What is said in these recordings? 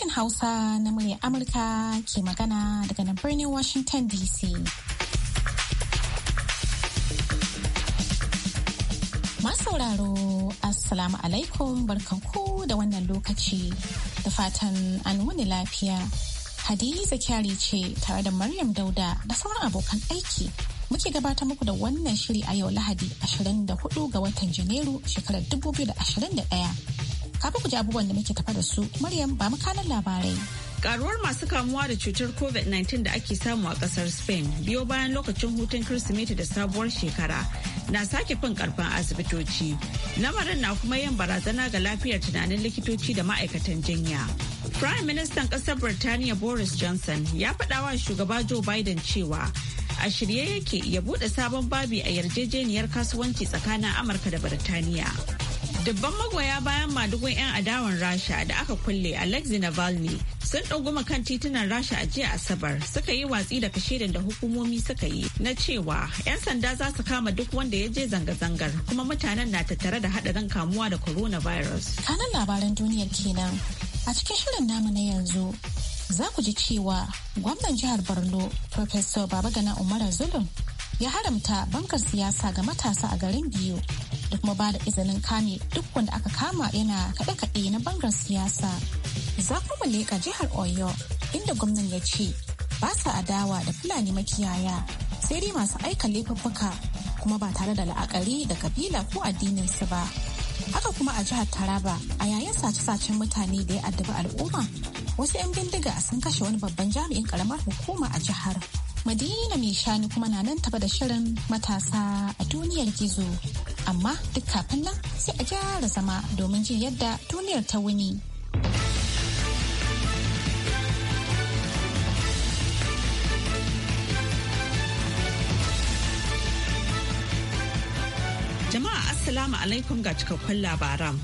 sashen Hausa na murya Amurka ke magana daga nan birnin Washington DC. sauraro Assalamu alaikum barkanku da wannan lokaci da fatan an wuni lafiya. Hadiza kyari ce tare da Maryam Dauda da sauran abokan aiki muke gabata muku da wannan shiri a yau Lahadi 24 ga watan Janairu shekarar 2021. Kafin ku abubuwan da muke tafa da su, Maryam ba makanan labarai. Karuwar masu kamuwa da cutar COVID-19 da ake samu a kasar Spain biyo bayan lokacin hutun Kirsimeti da sabuwar shekara na sake fin karfin asibitoci. Lamarin na kuma yin barazana ga lafiyar tunanin likitoci da ma'aikatan jinya. Prime Ministan kasar Birtaniya Boris Johnson ya faɗawa shugaba Joe Biden cewa a shirye yake ya buɗe sabon babi a yarjejeniyar kasuwanci tsakanin Amurka da Birtaniya. Dubban magoya bayan madugun 'yan adawan Rasha da aka kulle Alexei Navalny sun ɗauguma kan titunan Rasha a jiya Asabar suka yi watsi da kashirin da hukumomi suka yi na cewa 'yan sanda za su kama duk wanda ya je zanga-zangar kuma mutanen na tattare da haɗarin kamuwa da coronavirus. Kanan labaran duniyar kenan a cikin shirin namu na yanzu za ku ji cewa gwamnan jihar Borno Professor Babagana Umar Zulum ya haramta bankar siyasa ga matasa a garin biyu da kuma ba da izinin kame duk wanda aka kama yana kaɗe-kaɗe na bangar siyasa. Za kuma leƙa jihar Oyo inda gwamnan ya ce ba sa adawa da Fulani makiyaya sai dai masu aika laifuffuka kuma ba tare da la'akari da kabila ko addininsu ba. Haka kuma a jihar Taraba a yayin sace-sacen mutane da ya addabi al'umma wasu 'yan bindiga sun kashe wani babban jami'in karamar hukuma a jihar. Madina mai shani kuma na nan taba da shirin matasa a duniyar gizo. Amma duk kafin nan sai a gyara zama domin jin yadda duniyar ta wuni. Jama'a Assalamu alaikum ga cikakkun labaran.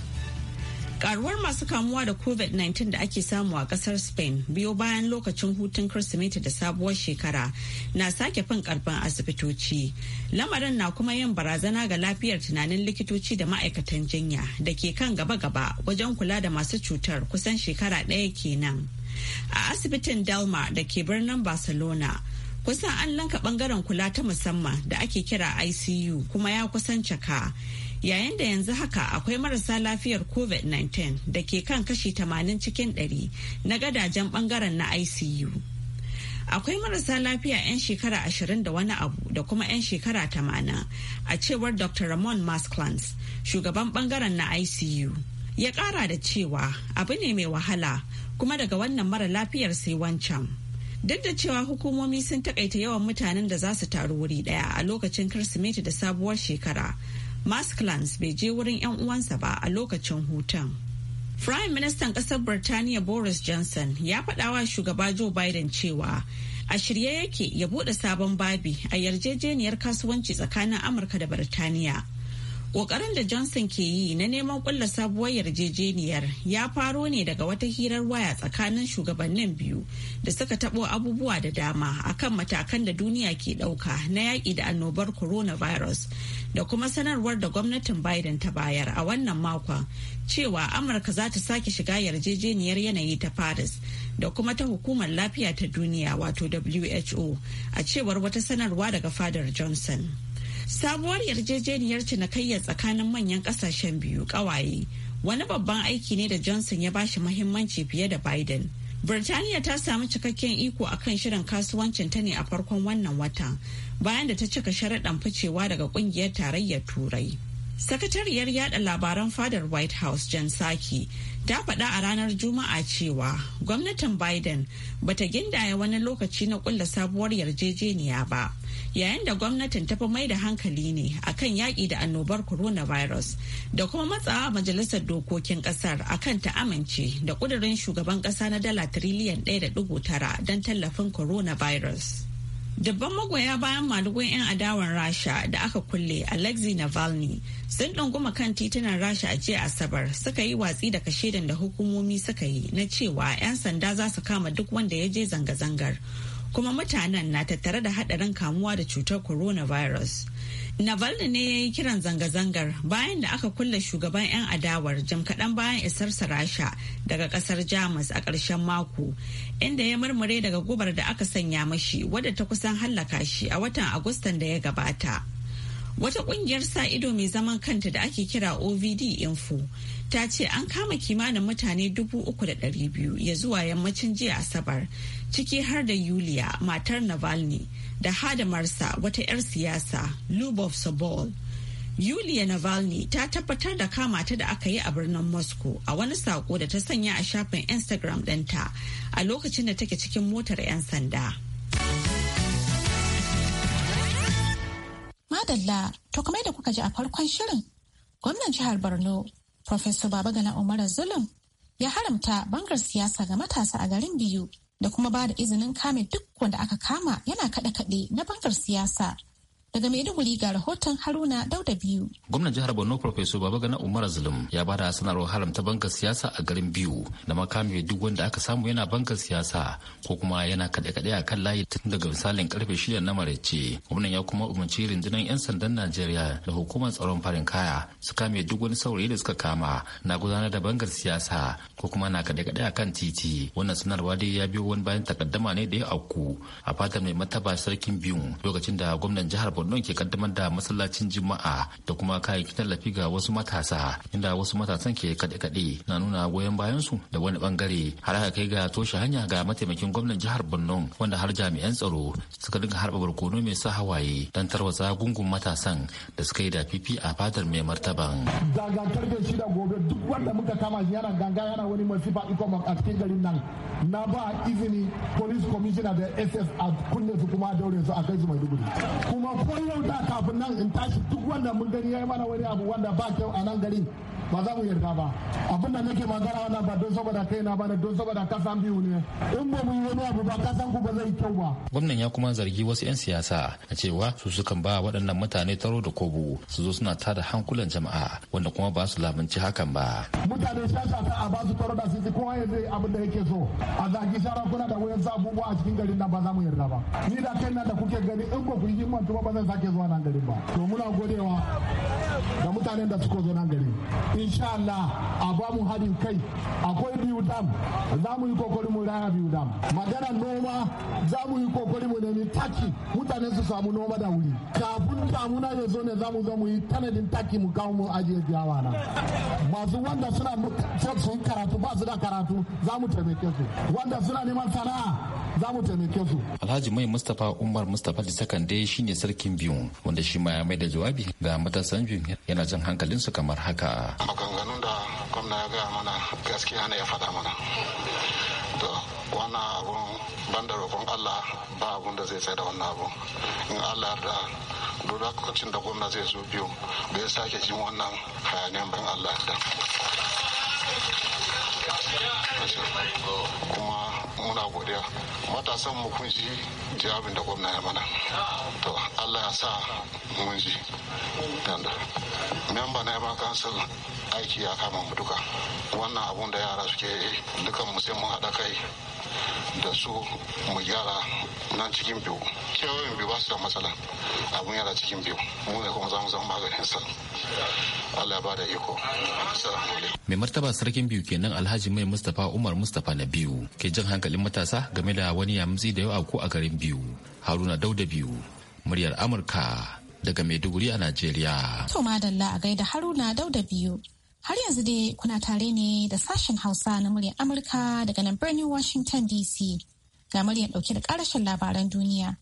karuwar masu kamuwa da covid-19 da ake samu a kasar spain biyo bayan lokacin hutun kirsimeti da sabuwar shekara na sake fin karfin asibitoci lamarin na kuma yin barazana ga lafiyar tunanin likitoci da ma'aikatan jinya da ke kan gaba-gaba wajen kula da masu cutar kusan shekara ɗaya kenan a asibitin delma da ke birnin barcelona kusan an lanka bangaren kula ta musamman da ake kira icu kuma ya kusan caka yayin da yanzu haka akwai marasa lafiyar covid-19 da ke kan kashi 80 cikin 100 na gadajen bangaren na icu akwai marasa lafiya 'yan shekara 20 da wani abu da kuma 'yan shekara 80 a cewar dr ramon masclans shugaban bangaren na icu ya kara da cewa abu ne mai wahala kuma daga wannan mara lafiyar sai wancan. duk da cewa hukumomi sun takaita yawan mutanen da za su taru wuri daya a lokacin kirsimeti da sabuwar shekara Masklans bai je wurin 'yan uwansa ba a lokacin hutan Prime Ministan ƙasar Birtaniya Boris Johnson ya faɗawa shugaba Joe Biden cewa a shirye yake ya buɗe sabon babi a yarjejeniyar kasuwanci tsakanin Amurka da Birtaniya. Ƙoƙarin da Johnson ke yi na neman ƙulla sabuwar yarjejeniyar ya faro ne daga wata hirar waya tsakanin shugabannin biyu da suka taɓo abubuwa da dama akan matakan da duniya ke ɗauka na yaƙi da annobar coronavirus da kuma sanarwar da gwamnatin Biden ta bayar a wannan makon cewa Amurka za ta sake shiga yarjejeniyar yanayi ta Paris da kuma ta hukumar lafiya ta duniya wato WHO a cewar wata sanarwa daga fadar Johnson. sabuwar yarjejeniyar cinikayya tsakanin manyan kasashen biyu kawaye wani babban aiki ne da johnson ya bashi mahimmanci fiye da biden Birtaniya ta samu cikakken iko a kan shirin kasuwancin ta ne a farkon wannan watan bayan da ta cika sharaɗan ficewa daga ƙungiyar tarayyar turai. Sakatariyar yada labaran fadar White House Jan Saki ta faɗa a ranar Juma'a cewa gwamnatin Biden bata gindaya wani lokaci na ƙulla sabuwar yarjejeniya ba. yayin da gwamnatin ta fi mai da hankali ne akan yaƙi da annobar coronavirus da kuma matsawa majalisar dokokin ƙasar kan ta amince da ƙudurin shugaban ƙasa na dala tiriliyan 1.9 don tallafin coronavirus. Dabban magoya bayan madugun 'yan adawan Rasha da aka kulle Alexei Navalny sun ɗunguma kan titunan Rasha a jiya Asabar suka yi watsi da kashedan da hukumomi suka yi na cewa 'yan sanda za su kama duk wanda ya je zanga-zangar. kuma mutanen na tattare da haɗarin kamuwa da cutar coronavirus. Navalny ne ya yi kiran zanga-zangar bayan da aka kulle shugaban 'yan adawar jim kaɗan bayan isarsa rasha daga ƙasar Jamus a ƙarshen mako, inda ya murmure daga gubar da aka sanya mashi wadda ta kusan hallaka shi a watan Agustan da ya gabata. Wata ƙungiyar sa ido mai zaman kanta da ake kira OVD Info ta ce an kama kimanin mutane dubu uku da ɗari biyu ya zuwa yammacin jiya Asabar ciki har da Yulia matar Navalny da hadamarsa wata 'yar siyasa Lubov Sobol. Yulia Navalny ta tabbatar da kama ta da aka yi a birnin Moscow a wani sako da ta sanya a shafin Instagram ɗinta a lokacin da take cikin motar 'yan sanda. Madalla, to kamar da kuka ji a farkon shirin, gwamnan jihar Borno, Professor Babagana Umar Zulum ya haramta bangar siyasa ga matasa a garin biyu da kuma ba da izinin kame duk wanda aka kama yana kaɗe-kaɗe na bangar siyasa Daga Maiduguri ga rahoton Haruna Dauda biyu. Gwamnan jihar Borno Baba Gana Umar Zulum ya bada sanarwar haramta bankar siyasa a garin biyu da makami duk wanda aka samu yana bankar siyasa ko kuma yana kaɗe-kaɗe a kan layi tun daga misalin karfe shida na maraice. Gwamnan ya kuma umarci rundunar 'yan sandan Najeriya da hukumar tsaron farin kaya su kame duk wani saurayi da suka kama na gudanar da bangar siyasa ko kuma na kaɗe-kaɗe a kan titi. Wannan sanarwa dai ya biyo wani bayan takaddama ne da ya auku a fatar mai mataba sarkin biyu lokacin da gwamnan jihar Borno Borno ke kaddamar da masallacin Juma'a da kuma kayayyakin tallafi ga wasu matasa inda wasu matasan ke kaɗe-kaɗe na nuna goyon bayan su da wani bangare har aka kai ga toshe hanya ga mataimakin gwamnan jihar Borno wanda har jami'an tsaro suka dinga harba barkono mai sa hawaye don tarwatsa gungun matasan da suka yi da fifi a fadar mai martaban. Gangantar da shida gobe duk wanda muka kama shi yana ganga yana wani masifa ikon a cikin garin nan na ba izini police commissioner da SS a kunne su kuma a daure su a kai su dubu Kuma yau da kafin nan in tashi duk wanda mun gani ya yi mana wani abu wanda ba kyau a nan garin ba za mu yarda ba abin da nake magana wannan ba don saboda kai na ba ne don saboda kasan biyu ne in ba mu yi wani abu ba kasan ku ba zai kyau ba gwamnan ya kuma zargi wasu 'yan siyasa a cewa su sukan ba waɗannan mutane taro da kobo su zo suna tada hankulan jama'a wanda kuma ba su lamunci hakan ba mutane siyasa ta a ba su taro da yanzu kowa ya zai abin da yake so a zagi sarakuna da wayan abubuwa a cikin garin nan ba za mu yarda ba ni da kai na da kuke gani in ba ku yi himmantu ba ba zan sake zuwa nan garin ba to muna godewa ga mutanen da suka zo nan gari insha Allah a ba mu haɗin kai akwai biyu dam za mu yi kokari mu raya biyu dam magana noma za mu yi kokari mu nemi taki mutane su samu noma da wuri kafin damuna ya zo ne za mu zo mu yi tanadin taki mu kawo mu ajiye biyawa na masu wanda suna sun karatu ba su da karatu za mu taimake su wanda suna neman sana'a za mu taimake su. Alhaji Mai Mustapha Umar Mustapha da Sakande shine sarkin biyu wanda shi ma ya mai da jawabi ga matasan biyu yana jan hankalin su kamar haka. maganganun da gwamna ya gaya mana gaskiya ne ya faɗa mana to wannan abun banda roƙon allah ba abun da zai tsaye da wannan abun in allah da duk da gwamna zai zo biyu bai sake jin wannan hayaniyan ban allah da kuma matasan mu kun ji jawabin da gwamna ya mana to allah ya sa mun ji tanda memba na yaba kansu aiki ya kama mu duka wannan abun da yara suke dukan mu sai mun haɗa kai da su mu gyara nan cikin biyu kewayen biyu ba su da matsala abun yara cikin biyu mu ne kuma zamu zama zama maganinsa Allah ba da iko mai martaba sarkin biyu kenan alhaji mai mustapha umar mustapha na biyu ke jan hankalin matasa game da wani yamutsi da yau ko a garin biyu haruna dauda biyu muryar amurka daga maiduguri a najeriya to madalla a gaida haruna dauda biyu Har yanzu dai kuna tare ne da sashen Hausa na muryar Amurka daga nan birnin Washington DC. Ga muryar ɗauke da ƙarashin labaran duniya.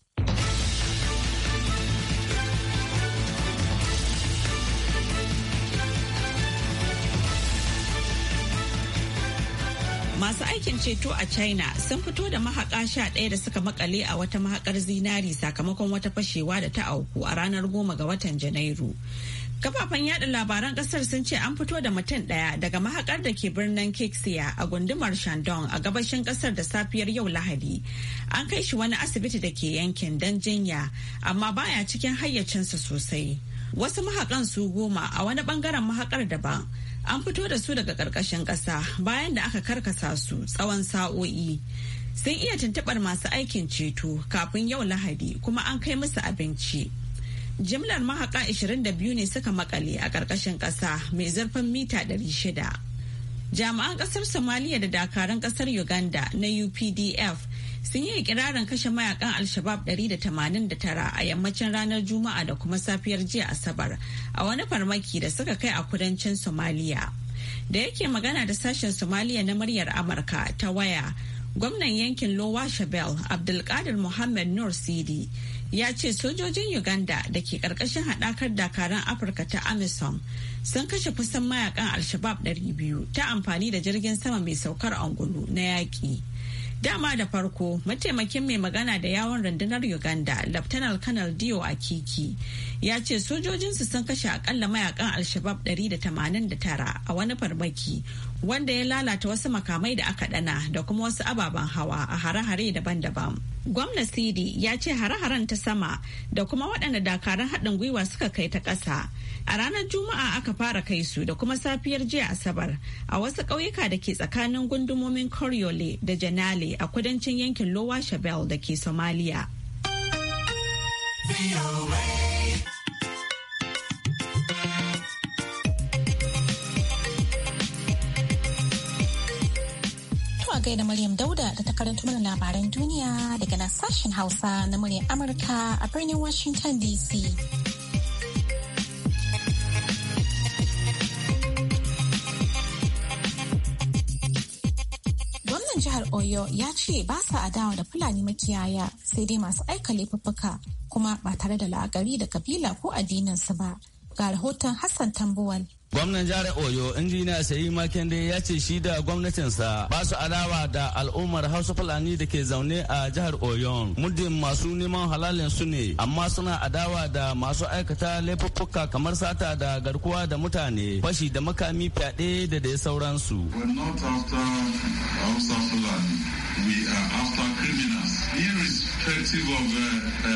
Masu aikin ceto a China sun fito da mahaƙa sha ɗaya da suka makale a wata mahaƙar zinari sakamakon wata fashewa da ta auku a ranar goma ga watan Janairu. Kafafen yada labaran kasar sun ce an fito da mutum daya daga mahaƙar da ke birnin Keksiya a gundumar Shandong a gabashin kasar da safiyar yau Lahadi. An kai shi wani asibiti da ke yankin don jinya, amma baya cikin hayyacinsa sosai. Wasu mahakan su goma a wani bangaren mahakar daban. An fito da su daga ƙarƙashin ƙasa bayan da aka karkasa su tsawon sa'o'i. Sun iya tuntuɓar masu aikin ceto kafin yau Lahadi kuma an kai musu abinci. Jimlar mahaƙa 22 ne suka makale a ƙarƙashin ƙasa mai zurfin mita 600. Jami'an ƙasar Somaliya da dakarun ƙasar Uganda na UPDF sun yi ikirarin kashe mayakan Alshabab 189 a yammacin ranar Juma'a da kuma safiyar jiya Asabar a wani farmaki da suka kai a kudancin Somaliya. Da yake magana da sashen Somaliya na muryar Amurka ta waya. gwamnan yankin lowa shabel abdulkadir muhammad nur sidi ya ce sojojin uganda da ke karkashin hadakar dakaran afirka ta amisom sun kashe kusan mayakan alshabab 200 ta amfani da jirgin sama mai saukar angulu na yaƙi dama da farko mataimakin mai magana da yawon rundunar uganda laftanar kanal dio a akiki ya ce sojojinsu sun kashe akalla mayakan alshabab 189 a wani farmaki wanda ya lalata wasu makamai da aka dana da kuma wasu ababen hawa a hare-hare daban-daban gwamna sidi ya ce hare-haren ta sama da kuma waɗanda dakarun haɗin gwiwa suka kai ta ƙasa a ranar juma'a aka fara kai su da kuma safiyar jiya asabar a wasu ƙauyuka da ke tsakanin gundumomin koriole da janale a kudancin yankin lowa shabel da ke somalia da Maryam Dauda da ta karanto mana labaran duniya daga nan sashen Hausa na muryar Amurka a birnin Washington DC. Gwamnan jihar Oyo ya ce ba sa adawa da Fulani makiyaya sai dai masu aika laifuffuka kuma ba tare da la'akari da kabila ko addininsu ba. Ga rahoton Hassan Tambuwal Gwamnan jihar Oyo injiniya Sayi makende ya ce shi da gwamnatinsa ba su adawa da al'ummar Hausa Fulani da ke zaune a jihar Oyo. Muddin masu neman halalin su ne amma suna adawa da masu aikata laifuffuka kamar sata da garkuwa da mutane fashi da makami fyaɗe da dai sauransu. We are after criminals, irrespective of uh, uh,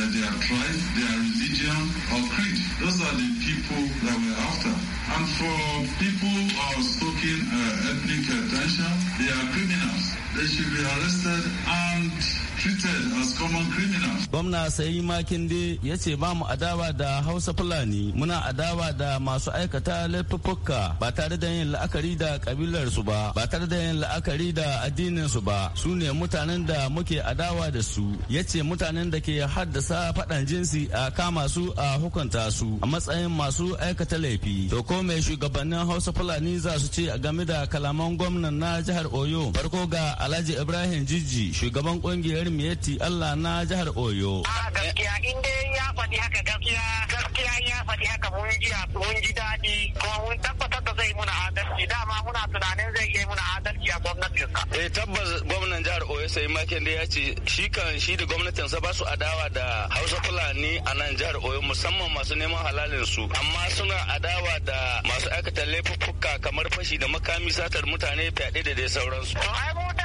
their tribe, their religion, or creed. Those are the people that we're after. And for people who are stoking uh, ethnic uh, tension, they are criminals. They should be arrested and Gwamna sai common criminals. Gwamna ya ce ba mu adawa da Hausa Fulani muna adawa da masu aikata laifuffuka ba tare da yin la'akari da kabilar su ba ba tare da yin la'akari da addinin su ba su ne mutanen da muke adawa da su ya ce mutanen da ke haddasa faɗan jinsi a kama su a hukunta su a matsayin masu aikata laifi to ko mai shugabannin Hausa Fulani za su ce game da kalaman gwamnan na jihar Oyo farko ga Alhaji Ibrahim Jiji shugaban kungiyar miyati Allah na jihar Oyo. Gaskiya in dai ya faɗi haka gaskiya gaskiya ya faɗi haka mun ji mun ji daɗi kuma mun tabbatar da zai muna adalci dama muna tunanin zai yi muna adalci a gwamnatinsa. Eh tabbas gwamnan jihar Oyo sai makin da ya ce shi kan shi da gwamnatinsa ba su adawa da Hausa Fulani a nan jihar Oyo musamman masu neman halalin su amma suna adawa da masu aikata laifuffuka kamar fashi da makami satar mutane fyaɗe da dai sauransu. To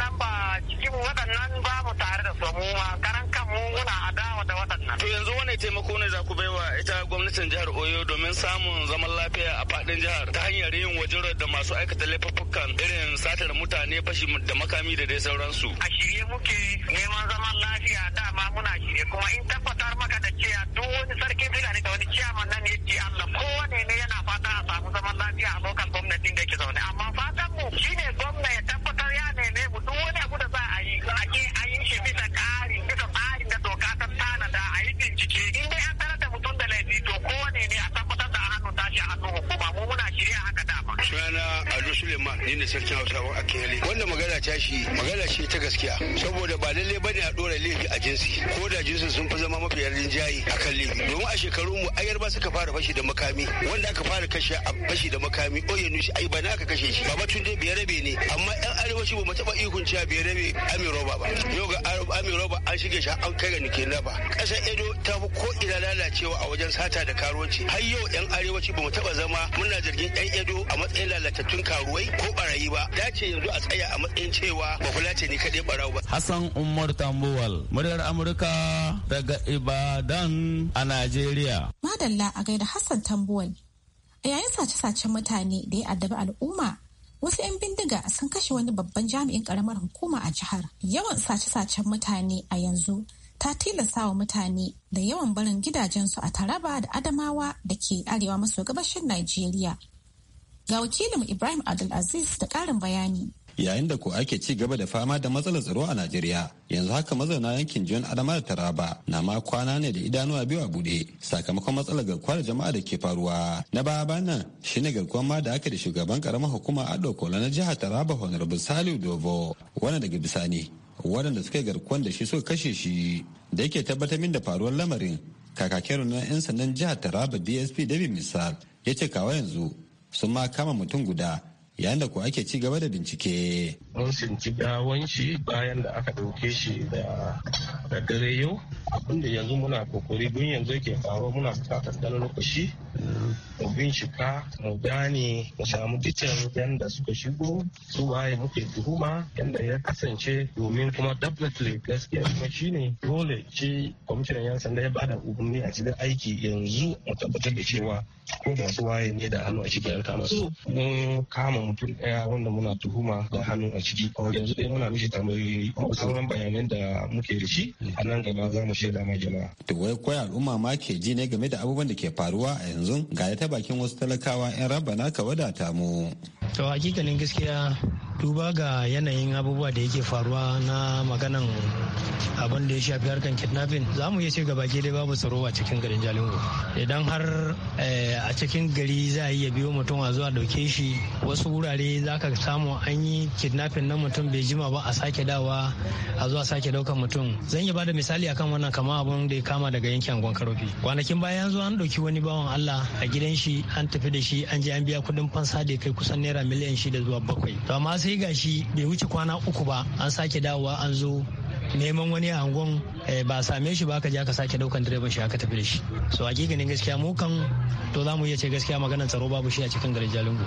waɗannan ba cikin waɗannan ba mu tare da su ma karan kan mu muna adawa da waɗannan. To yanzu wani taimako ne za ku wa ita gwamnatin jihar Oyo domin samun zaman lafiya a faɗin jihar ta hanyar yin wajen da masu aikata laifuffukan irin satar mutane fashi da makami da dai sauransu. A shirye muke neman zaman lafiya dama muna shirye kuma in tabbatar maka da cewa duk wani sarkin filani da wani ciyaman nan ya ce Allah kowane ne yana fata a samu zaman lafiya a lokacin gwamnatin da ke zaune amma fatan mu shine gwamna ya neme mu duk wani abu da za a yi a ke a yi shi bisa ƙarin bisa tsarin da doka ta tana tanada a yi bincike in dai an tarar da mutum da laifi to kowane ne a ma ni ne sarkin a akiyali wannan magana ta shi magana ce ta gaskiya saboda ba lalle bane a dora laifi a jinsi ko da jinsi sun fi zama mafi rinjaye a kan laifi domin a shekarun mu ayar ba suka fara fashi da makami wanda aka fara kashe a fashi da makami oyenu shi ai ba na aka kashe shi ba tun dai biyar rabe ne amma yan arewaci ba mu taba ikon cewa biyar rabe amiroba ba yau ga amiroba an shige shi an kai ga nike na ba ƙasar edo ta fi ko ina lalacewa a wajen sata da karuwanci har yau yan arewaci ba mu taba zama muna zargin yan edo a matsayin lalatattun karuwai ko barayi ba dace yanzu a tsaya a matsayin cewa ba kula ce ni kaɗai barau ba. Hassan Umar Tambuwal muryar Amurka daga Ibadan a Najeriya. Madalla a gaida Hassan Tambuwal. A yayin sace-sacen mutane da ya addabi al'umma wasu 'yan bindiga sun kashe wani babban jami'in karamar hukuma a jihar yawan sace-sacen mutane a yanzu ta tilasta wa mutane da yawan barin gidajensu a taraba da adamawa da ke arewa maso gabashin najeriya Ga wakilin Ibrahim Abdulaziz da karin bayani. Yayin da ko ake ci gaba da fama da matsalar tsaro a Najeriya, yanzu haka mazauna yankin John Adama da Taraba na ma kwana ne da idanuwa biyu a bude sakamakon matsalar garkuwa da jama'a da ke faruwa. Na baya bana shine garkuwar ma da aka da shugaban karamar hukuma a Kola na jihar Taraba Honorable Saliu Dovo, wani daga bisani waɗanda suka yi garkuwan da shi suka kashe shi da yake tabbatar min da faruwar lamarin kakakin na 'yan sandan jihar Taraba DSP David Misal ya ce kawai yanzu sun ma kama mutum guda yayin da ko ake ci gaba da bincike mun sinci gawon shi bayan da aka ɗauke shi da dare yau abinda yanzu muna kokori dun yanzu yake faruwa muna bukatar dan lokaci mu bincika mu gane mu samu titin yanda suka shigo su waye muke tuhuma yanda ya kasance domin kuma definitely gaskiya kuma shine dole ce kwamishinan yan sanda ya bada umarni a cikin aiki yanzu mu tabbatar da cewa ko da su waye ne da hannu a cikin kama su mun kama mutum daya wanda muna tuhuma da hannu a ciki yanzu dai muna mishi tambayoyi kuma sauran bayanan da muke da shi a nan gaba za mu shaida ma jama'a. to wai al'umma ma ke ji ne game da abubuwan da ke faruwa a yanzu ga ta bakin wasu talakawa 'yan rabana ka wadata mu. to hakikanin gaskiya duba ga yanayin abubuwa da yake faruwa na maganan abin da ya shafi harkan kidnapping za mu iya ce gaba dai babu tsaro a cikin garin jalingo idan har eh, a cikin gari za a iya biyo mutum a zuwa dauke shi wasu wurare za ka samu an yi kidnapping na mutum bai jima ba a sake dawa a zuwa sake daukan mutum zan iya bada misali akan wannan kama abun da ya kama daga yankin angon karofi kwanakin bayan zuwa an dauki wani bawan allah a gidan shi an tafi da shi an je an biya kudin fansa da kai kusan naira miliyan shida zuwa bakwai to amma sai shi bai wuce kwana uku ba an sake dawowa an zo neman wani a angon eh, ba same shi ba ka ja ka sake daukan direban shi aka tafi da shi so hakikanin gaskiya mu kan to za mu iya ce gaskiya maganar tsaro babu shi a cikin garin jalingo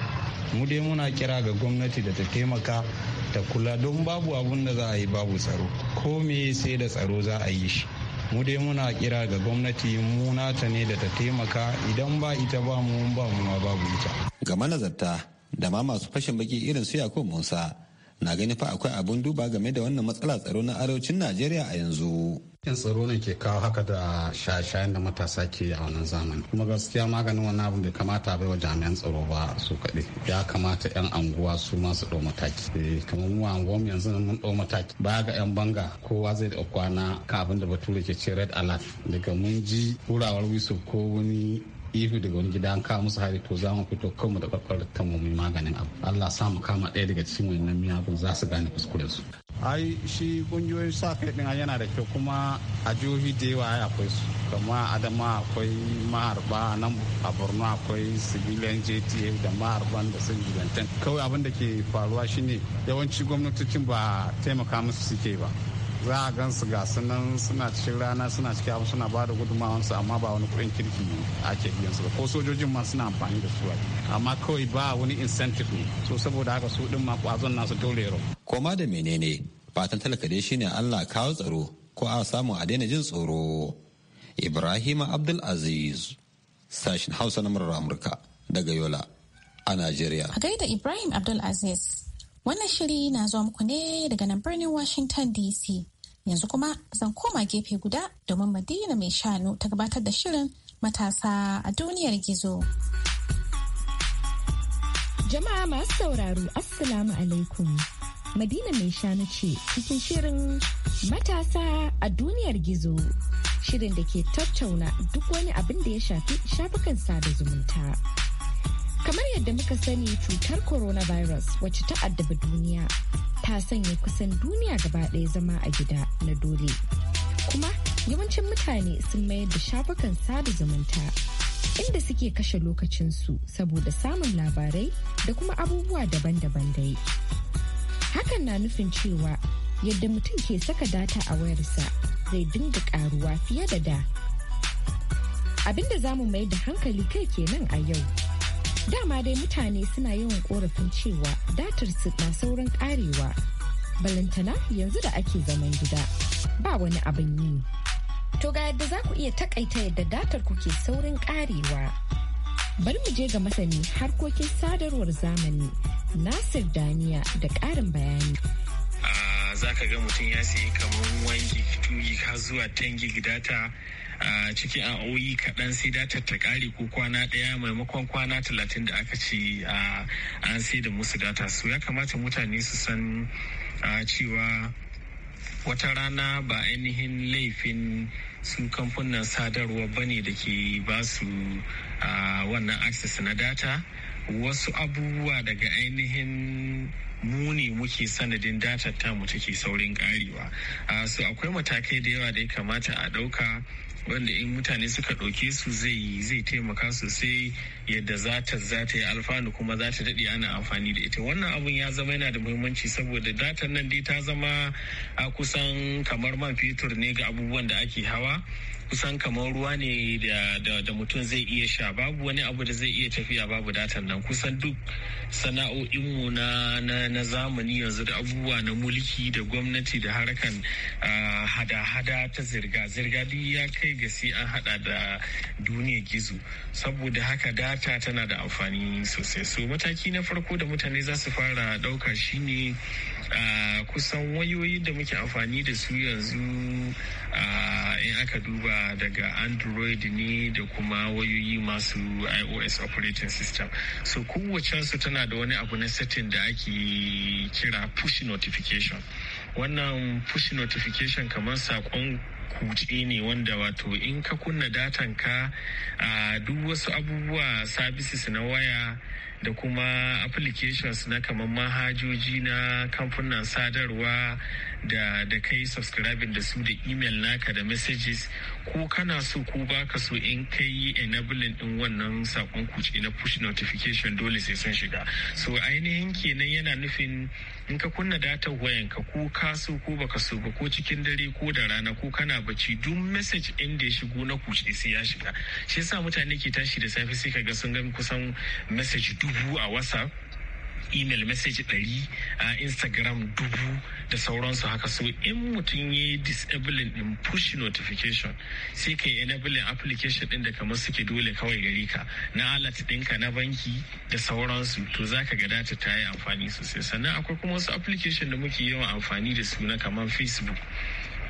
mu dai muna kira ga gwamnati da ta taimaka ta kula don babu abun da za a yi babu tsaro ko me sai da tsaro za a yi shi mu dai muna kira ga gwamnati muna ta ne da ta taimaka idan ba ita ba mu ba mu ma babu ita ga manazarta da ma masu fashin baki irin su Yakubu Musa na gani fa akwai abun duba game da wannan matsala tsaro na arewacin Najeriya a yanzu. yan tsaro ne ke kawo haka da shashayen da matasa ke a wannan zamani kuma gaskiya maganin wannan abin bai kamata bai wa jami'an tsaro ba su kaɗai ya kamata yan anguwa su ma su ɗau mataki eh, kamar mu anguwan yanzu mun ɗau mataki baya ga yan banga kowa zai da kwana kan abin da bature ke ce red alert daga mun ji hurawar wisu ko wani ihu daga wani gida an kawo musu hari to za mu fito kanmu da kwakwarta mu maganin abu Allah sa mu kama ɗaya daga cikin wannan miyagun za su gane kuskuren su ai shi kungiyoyin sa kai din yana da kyau kuma a jihohi da yawa akwai su kama adama akwai maharba nan a borno akwai civilian jta da maharban da sun gidantan kawai abin da ke faruwa shine yawanci gwamnatocin ba taimaka musu suke ba za a gan su ga nan suna cikin rana suna cikin abu suna ba da su amma ba wani kuɗin kirki ake biyan su ba ko sojojin ma suna amfani da su amma kawai ba wani incentive ne so saboda haka su din ma kwazon nasu dole ro koma da menene fatan talaka dai shine Allah kawo tsaro ko a samu a daina jin tsoro Ibrahim Abdul Aziz sashin Hausa na murar Amurka daga Yola a nigeria. a gaida Ibrahim Abdul Aziz wannan shiri na zuwa muku ne daga nan birnin Washington DC Yanzu kuma zan koma gefe guda domin Madina mai shanu ta gabatar da shirin matasa a duniyar gizo. Jama'a masu sauraro Assalamu alaikum. Madina mai shanu ce cikin shirin matasa a duniyar gizo. Shirin da ke tattauna duk wani abin da ya shafi shafukan sada zumunta. Kamar yadda muka sani cutar coronavirus wacce ta addaba duniya ta sanya kusan duniya gaba ɗaya zama a gida na dole. Kuma yawancin mutane sun mayar da shafukan sada zumunta inda suke kashe lokacinsu saboda samun labarai da kuma abubuwa daban-daban dai. Hakan na nufin cewa yadda mutum ke saka data a wayarsa zai dinga karuwa fiye da da. Abinda za mu mai da hankali kai kenan a yau. Dama dai mutane suna yawan korafin cewa datar su na saurin karewa. Balantana yanzu da ake zaman gida ba wani abin yi. To ga yadda za ku iya takaita yadda datar ku ke saurin karewa. Bari mu je ga masani harkokin sadarwar zamani Nasir Daniya da ƙarin bayani. za ka ga mutum ya sayi kamar wangi tuyi ka zuwa 10 gig data a cikin oyi kaɗan sai data ta ƙare ko kwana ɗaya maimakon kwana talatin da aka ce an sai da musu data su ya kamata mutane su san cewa wata rana ba ainihin laifin su kamfanin sadarwa ba ne da ke ba su wannan access na data wasu abubuwa daga ainihin muni muke sanadin datar tamu take saurin karewa ah, su akwai matakai da yawa da ya kamata a dauka wanda in mutane suka ɗauke su zai taimaka sosai yadda za ta za ta yi alfanu kuma za ta daɗe ana amfani da ita wannan abun ya zama yana da muhimmanci saboda datan nan dai ta zama a kusan kamar man fetur ne ga abubuwan da ake hawa kusan kamar ruwa ne da mutum zai iya sha babu wani abu da zai iya tafiya babu datan nan kusan duk sana'o'in mu na, na zamani yanzu da abubuwa na mulki da gwamnati da harkan hada-hada ta zirga-zirga duk ya kai ga sai an hada da duniya gizo saboda haka da data tana da amfani sosai so mataki na farko da mutane za su fara ɗauka shine a kusan wayoyi da muke amfani da su yanzu in aka duba daga android ne da kuma wayoyi masu ios operating system so su tana da wani abu na setting da ake kira push notification wannan push notification kamar saƙon kutse ne wanda wato in ka kunna datan ka a duk wasu abubuwa services na waya da kuma applications na kamar manhajoji na kamfunan sadarwa da da kai subscribing da su da email naka da messages ko kana so ko baka so in kai enabling din wannan sakon kuce na push notification dole sai sun shiga so ainihin kenan yana nufin in ka kunna datar wayan ka ko ka so ko baka so ba ko cikin dare ko da rana ko kana bacci duk message in da ya shigo na kuce sai ya shiga shi yasa mutane ke tashi da safe sai ka ga sun ga kusan message dubu a whatsapp email message ɗari a instagram dubu da sauransu haka so in mutum ya yi disabling din push notification sai ka yi enabling application ɗin da kamar suke dole kawai gari ka na alert ɗinka na banki da sauransu to za ka gada ta yi amfani sosai sannan akwai kuma wasu application da muke yawan amfani da su na kamar facebook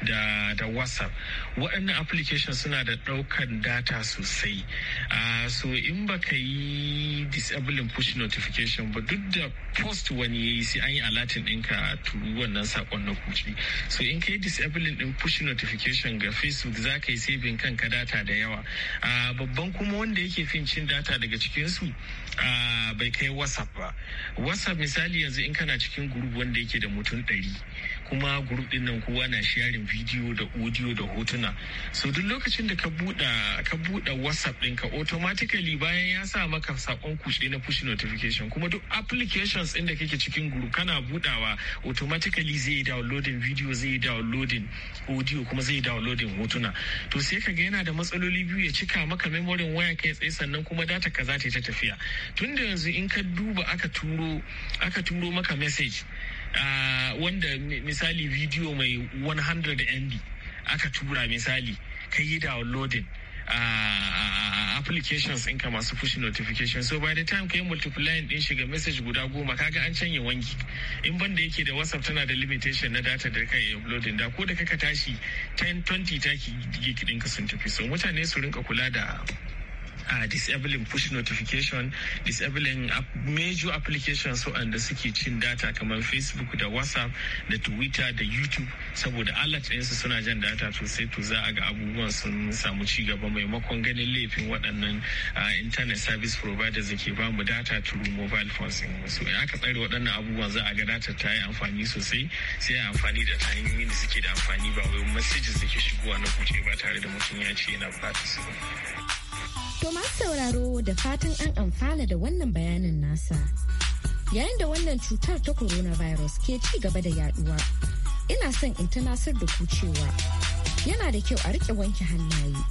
da, da whatsapp waɗannan application suna da ɗaukan data sosai uh, so in baka yi disabling push notification ba duk da post wani ya yi sai an yi alatin ɗinka a turu wannan saƙon na kuci so in ka yi disabling ɗin push notification ga facebook za ka yi saving kanka data da yawa uh, babban kuma wanda yake fin cin data daga cikinsu uh, bai kai whatsapp ba whatsapp misali yanzu in kana cikin group wanda yake da mutum ɗari kuma group din nan kowa na sharing video da audio da hotuna so duk lokacin da ka buɗe ka buɗe whatsapp ɗinka automatically bayan ya sa maka sakon kuce na push notification kuma duk applications ɗin da kake cikin group kana buɗawa automatically zai downloading video zai downloading audio kuma zai downloading hotuna to sai ka ga yana da matsaloli biyu ya cika maka memory waya kai tsaye sannan kuma data ka za ta tafiya tunda yanzu in ka duba aka turo aka turo maka message Ah, wanda misali video mai 100 MB aka tura misali kai yi downloading uh, applications ɗinka masu push notification so by the time ka multiply ɗin shiga message guda goma kaga an canye wangi in banda yake da whatsapp tana da limitation na data da kai uploading da ko da kaka tashi 10 20 taki gig ɗinka sun tafi so mutane su rinka kula da uh, disabling push notification disabling ap major applications waɗanda suke cin data kamar facebook da whatsapp da twitter da youtube saboda alert ɗinsu suna jan data to sai to za a ga abubuwan sun samu ci gaba maimakon ganin laifin waɗannan uh, internet service providers da ke ba mu data through mobile phones so in aka tsare waɗannan abubuwan za a ga data ta yi amfani sosai sai a amfani da hanyoyin da suke da amfani ba wai messages da ke shigowa na kuce ba tare da mutum ya ce yana bukatar su To masu sauraro da fatan an amfana da wannan bayanin nasa. Yayin da wannan cutar ta coronavirus ke ci gaba da yaduwa, ina son in tunasar da ku cewa yana da kyau a riƙe wanke hannaye,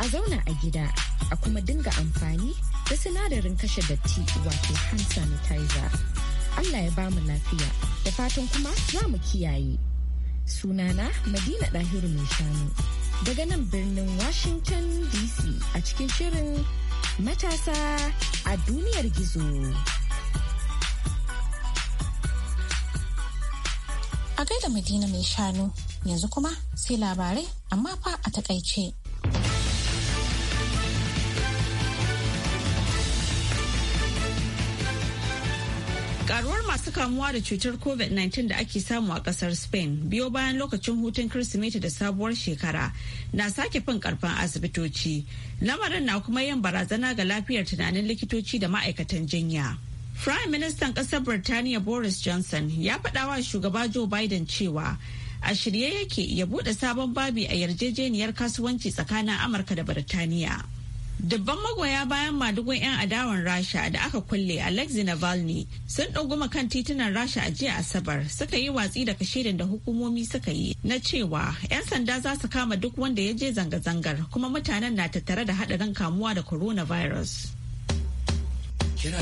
a zauna a gida, a kuma dinga amfani da sinadarin kashe datti wato hand sanitizer. Allah ya bamu lafiya, da fatan kuma za mu kiyaye. Sunana Madina d'ahiru Mai Shanu. daga nan birnin Washington DC a cikin shirin matasa a duniyar gizo. A gaida Madina mai shanu yanzu kuma sai labarai amma fa a takaice. kamuwa da cutar covid-19 da ake samu a kasar spain biyo bayan lokacin hutun kirsimeti da sabuwar shekara na sake fin karfin asibitoci lamarin na kuma yin barazana ga lafiyar tunanin likitoci da ma'aikatan jinya prime ministan kasar birtaniya boris johnson ya faɗa wa shugaba joe biden cewa a shirye yake ya buɗe sabon babi a yarjejeniyar kasuwanci tsakanin amurka da birtaniya Dubban magoya bayan madugun 'yan adawan Rasha da aka kulle Alexei Navalny sun ɗauguma kan titunan Rasha a jiya Asabar suka yi watsi daga kashirin da hukumomi suka yi na cewa 'yan sanda za su kama duk wanda ya je zanga-zangar kuma mutanen na tattare da haɗarin kamuwa da coronavirus. Kira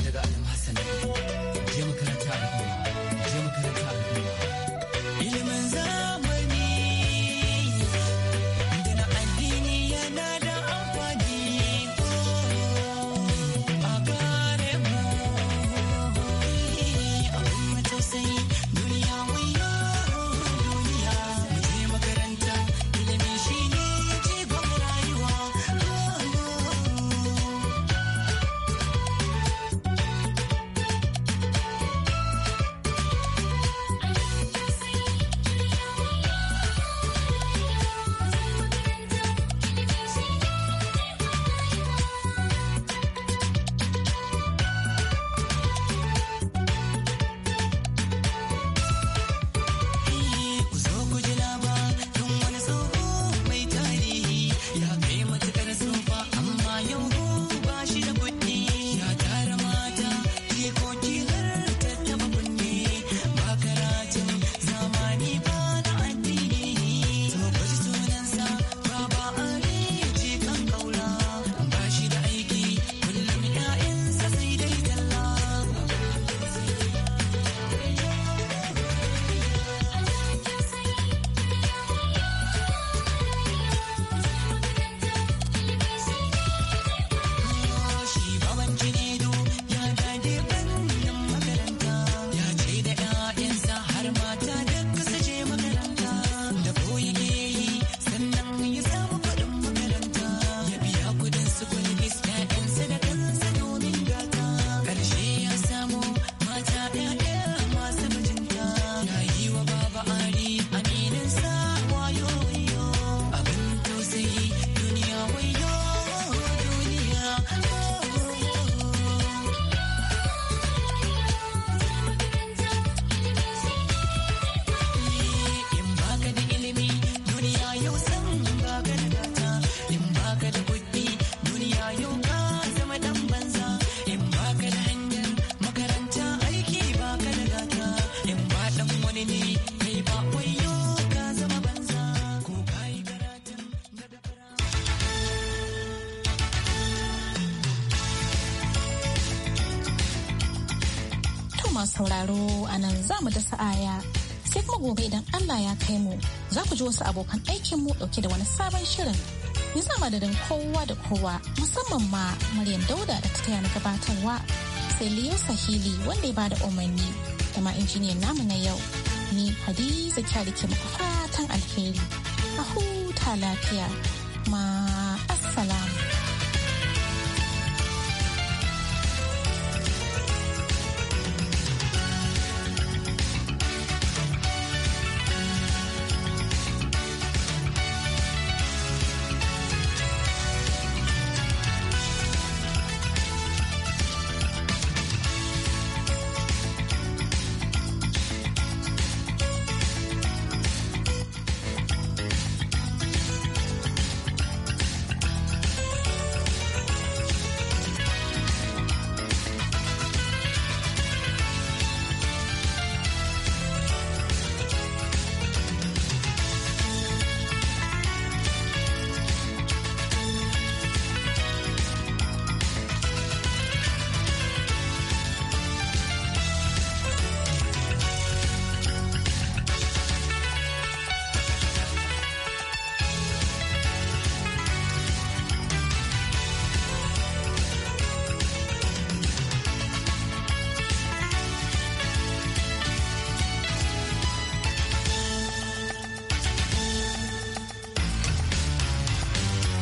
sauraro a nan za mu da sa'aya sai kuma gobe idan Allah ya kai mu za ku ji wasu abokan aikin mu dauke da wani sabon shirin ya sa madadin kowa da kowa musamman ma Maryam Dauda da ta taya na gabatarwa sai Leo Sahili wanda ya bada umarni da ma injiniyan namu na yau ni Hadiza Kyari a muku fatan alheri a huta lafiya ma assalamu